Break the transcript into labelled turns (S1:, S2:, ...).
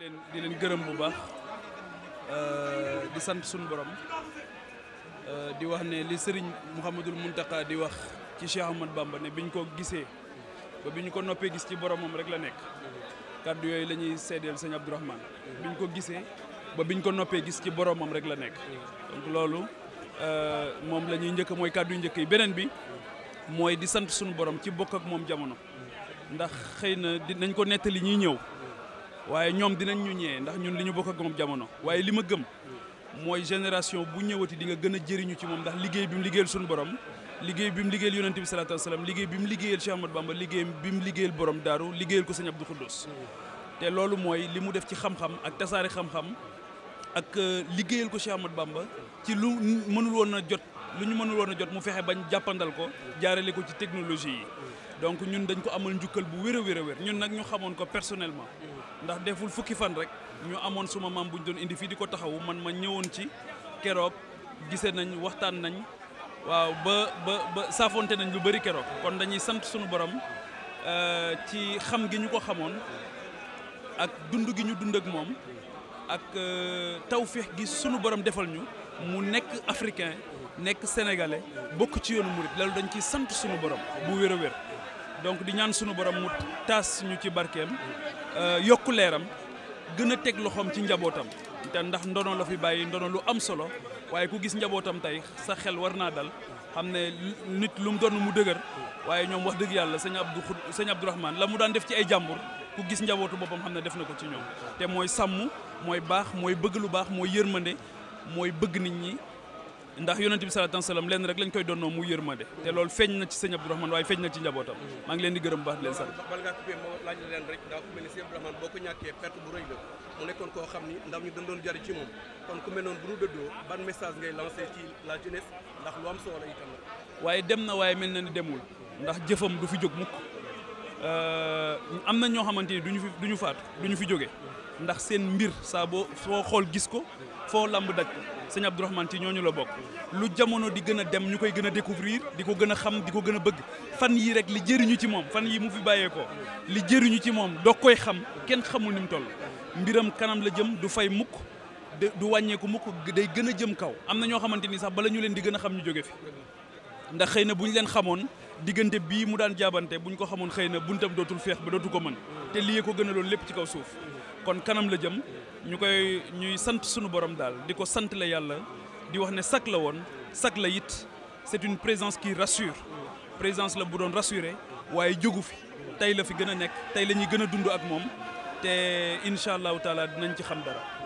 S1: leen di leen gërëm bu baax euh, di sant suñu borom euh, di wax ne li sëriñ Mouhamadul Muntaka di wax ci Cheikh Ahmad Bamba ne biñ ko gisee ba bi ñu ko noppee gis ci boromam rek la nekk kàddu yooyu la ñuy seedeel sëñ Abdourahmane biñ ko gisee ba biñ ko noppee gis ci boromam rek la nekk donc loolu euh, moom lañuy njëkk mooy kàddu njëkk yi beneen bi mooy di sant suñu borom ci bokk ak moom jamono ndax xëy na dinañ ko nettali ñuy ñëw waaye ñoom dinañ ñu ñëwee ndax ñun li ñu bokk ak moom jamono waaye li ma gëm mooy génération bu ñëwati di nga gën a jëriñu ci moom ndax liggéey bi mu liggéeyal suñu borom liggéey bi mu liggéeyal yonent bi salaatu wasalaam liggéey bi mu liggéeyal Cheikh Ahmadou Bamba liggéey bi mu liggéeyal borom daaru liggéeyal ko sëñ Abdou Khoudous te loolu mooy li mu def ci xam-xam ak tasaare xam-xam ak euh, liggéeyal ko si amat Bamba ci lu mënul woon a jot lu ñu mënul woon a jot mu fexe bañ jàppandal ko jaarale ko ci technologie yi donc ñun dañ ko amal njukkal bu wér a ñun nag ñu xamoon ko personnellement ndax deful fukki fan rek ñu amone suma mam buñ doon indi fi diko taxaw man ma ñëwoon ci kérok gisé nañ waxtaan nañ waaw ba ba ba safonté nañ lu bari kérok kon dañuy sant suñu borom euh, ci xam gi ñu ko xamoon ak dundu gi ñu dund ak mom ak euh, tawfiix gi suñu borom defal ñu mu nekk africain nekk sénégalais bokku ci yoonu mourid loolu dañ ci sant suñu borom bu wér a wér donc di ñaan suñu borom mu tass ñu ci barkem Euh, yokk leeram gën a teg loxoom ci njabootam te ndax ndono la fi bàyyi ndono lu am solo waaye ku gis njabootam tey sa xel war naa dal xam ne nit lu mu doon mu dëgër waaye ñoom wax dëgg yàlla sëñ Abdou sëñ Abdourahmane la mu daan def ci ay jàmbur ku gis njabootu boppam xam ne def na ko ci ñoom te mooy sàmm mooy baax mooy bëgg lu baax mooy yërmande mooy bëgg nit ñi ndax yonent bi salaatu salaam leen rek lañ koy donnoo mu yërmande te loolu feeñ na ci sëñ Abdourahmane waaye feeñ na ci njabootam maa ngi leen di gërëm baax leen sant bal ngaa leen rek ndax ku mel ni sëñ Abdourahmane boo ko ñàkkee perte bu rëy la mu nekkoon koo xam ni ndam ñu dandoon jari ci moom kon ku mel noonu bu ñu dëddoo ban message ngay lancé ci la jeunesse ndax lu am solo itam waaye dem na waaye mel na ni demul ndax jëfam du fi jóg mukk Euh, am na ñoo xamante ni du ñu fi du ñu faatu du ñu fi jóge ndax seen mbir saa boo foo xool gis ko foo lamb daj ko sëñ Abdourahmane ci ñooñu la bokk lu jamono di gën a dem ñu koy gën a découvrir di ko gën a xam di ko gën a bëgg fan yi rek li jëriñu ci moom fan yi mu fi bàyyeekoo ko li jëriñu ci moom doo koy xam kenn xamul ni mu toll mbiram kanam la jëm du fay mukk du wàññeeku mukk day gën a jëm kaw am na ñoo xamante ni sax bala ñu leen di gën a xam ñu jóge fi ndax xëy na bu ñu leen xamoon digënté bi mu daan jaabante buñ ko xamoon xeyna buntam dootul feex ba dootu ko té te ko gënaloon lépp ci kaw suuf kon kanam la jëm ñukoy ñuy sant suñu borom daal di ko sant la yalla di wax ne sak la won sak la c'est une présence qui rassure présence la bu doon rassuré waye jógu fi tay la fi gëna nek tay tey la ñuy ak mom te inshallah taala dinañ ci xam dara